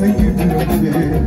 Thank you.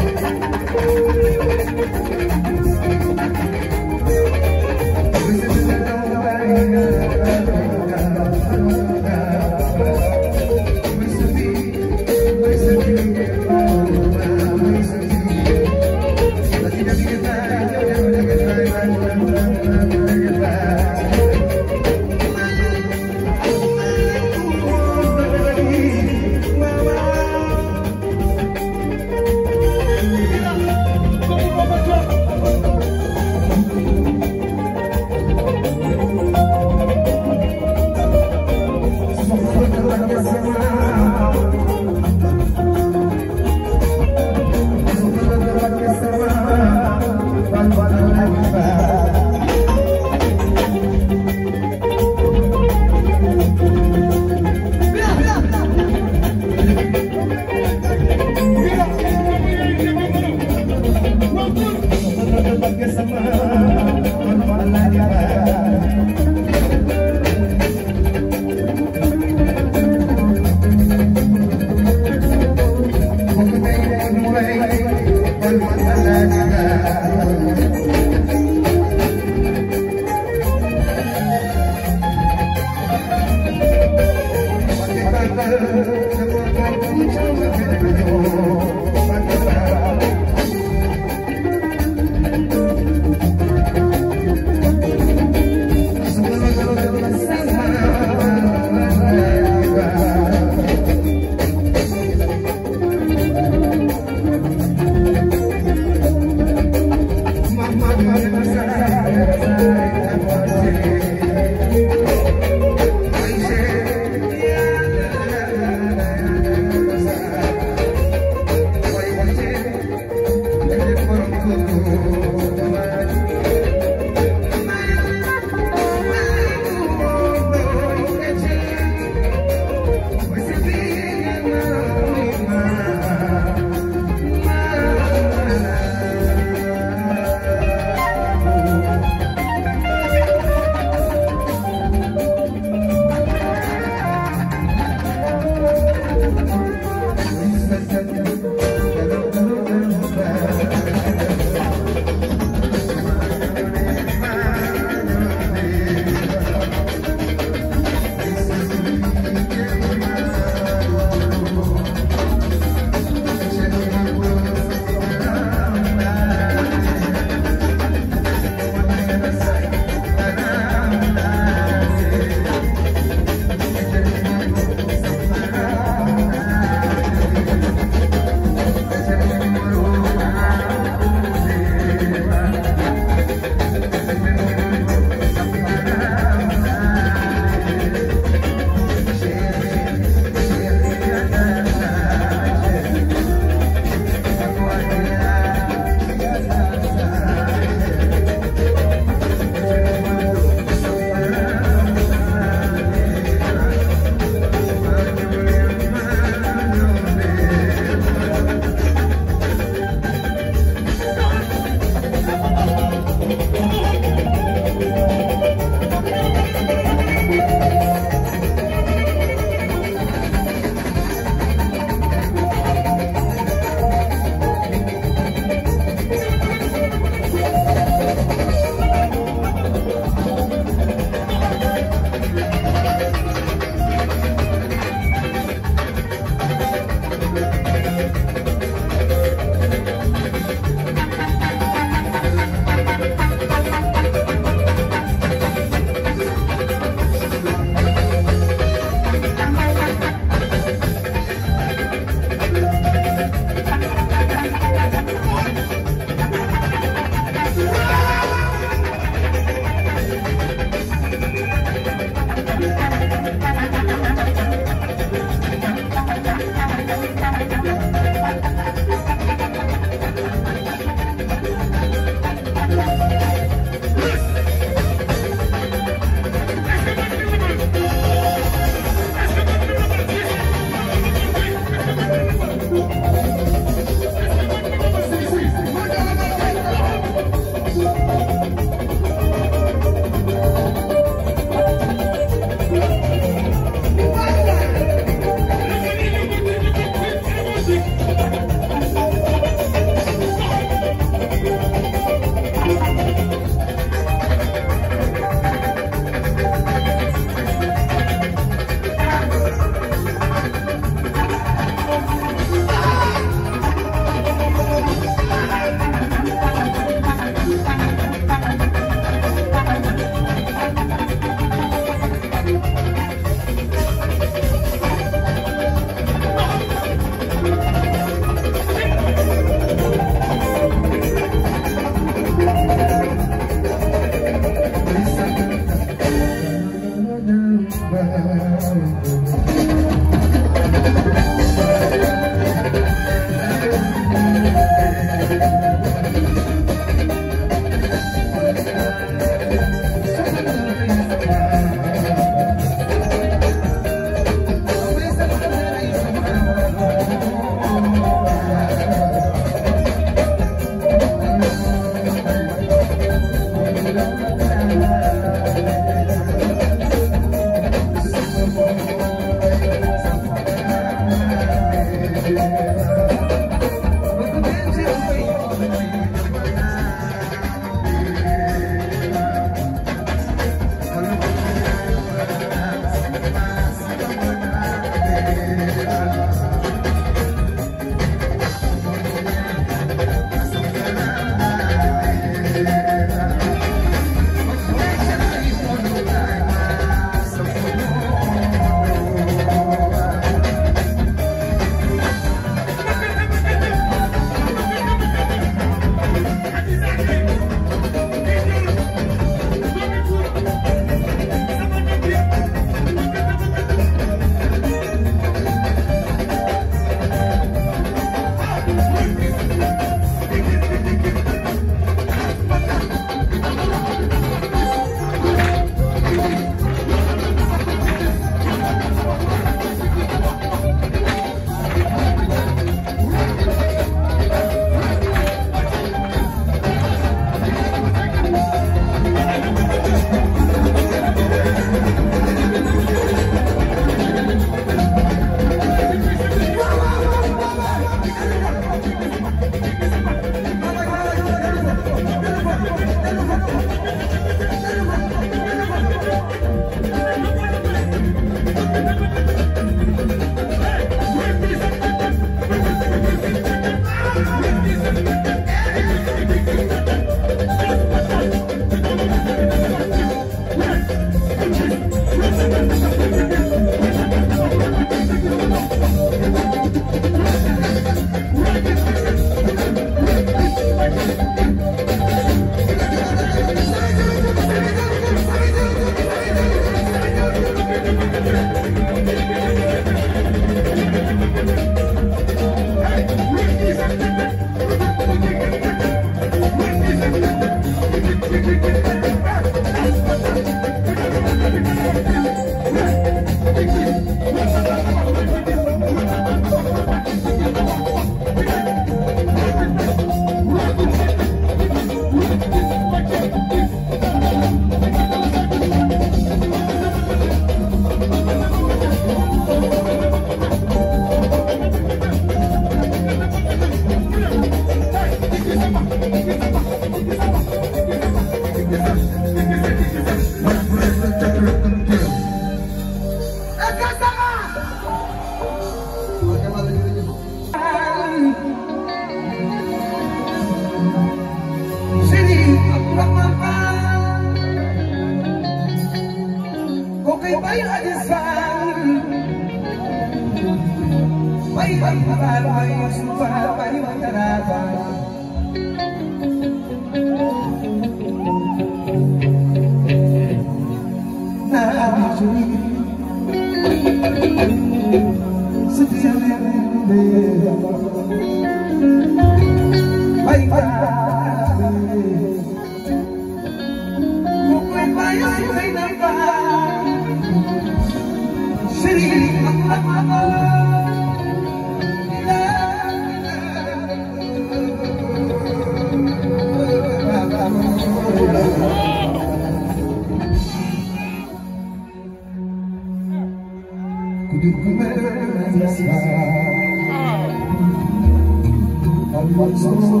Senhor.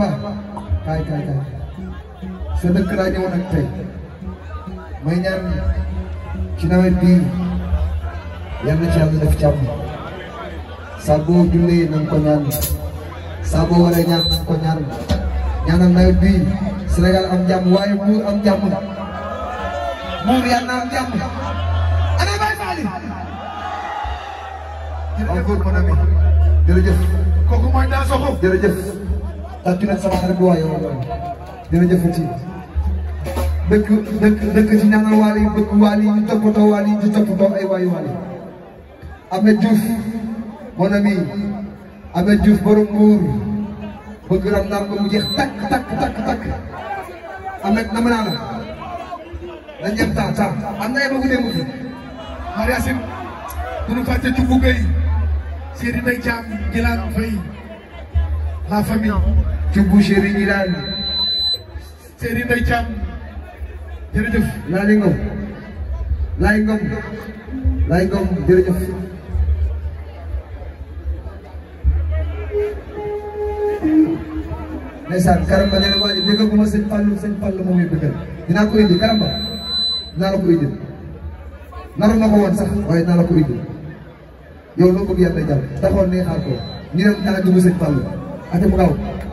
Bamba kaay kaay kaay sa dëkk laa ñëwoon ak tey may ñaan ci nawet bii yal na ci yàlla def jàmm saa boo jullee na nga ko ñaan saa boo waree ñaan na nga ko ñaan ñaanal nawet bii Sénégal am jàmm waaye buur am jàmm buur yal na am jàmm ana Baye Faly encore mon ami jërëjëf kooku mooy daa soxo jërëjëf ndax ci sama xarit bu waayee woon loolu jërëjëf ci dëkk dëkk dëkk ci ñaanal waal yi dëkk yi ñu toppatoo waal yi ñu toppatoo ay waayu waal yi. Ahmed Diouf ami Ahmed Diouf borom Mbour bëgg ram naan ba mu jeex takk takk takk takk Ahmed nama naa la dañ dem temps temps am na ay bëgg démb fi. Maria Sine. bu ñu fàtte Thioub Gueye. Seydou Ndeye Thiam Djilane Faye. la famille ci boucherie ñi daal Serigne Mbaye Thiam jërëjëf Laali Ngom Laay Ngom Laay Ngom jërëjëf ndeysaan karamba nee na waa ji dégg ma sëñ Fallou sëñ Fallou moom it bëggal dinaa ko indi karamba dinaa la ko indi naroon ko woon sax waaye la ko indi yow loo bëgg yàlla jàll taxoon ne xaar ko ñu dem taa Ate Mouraw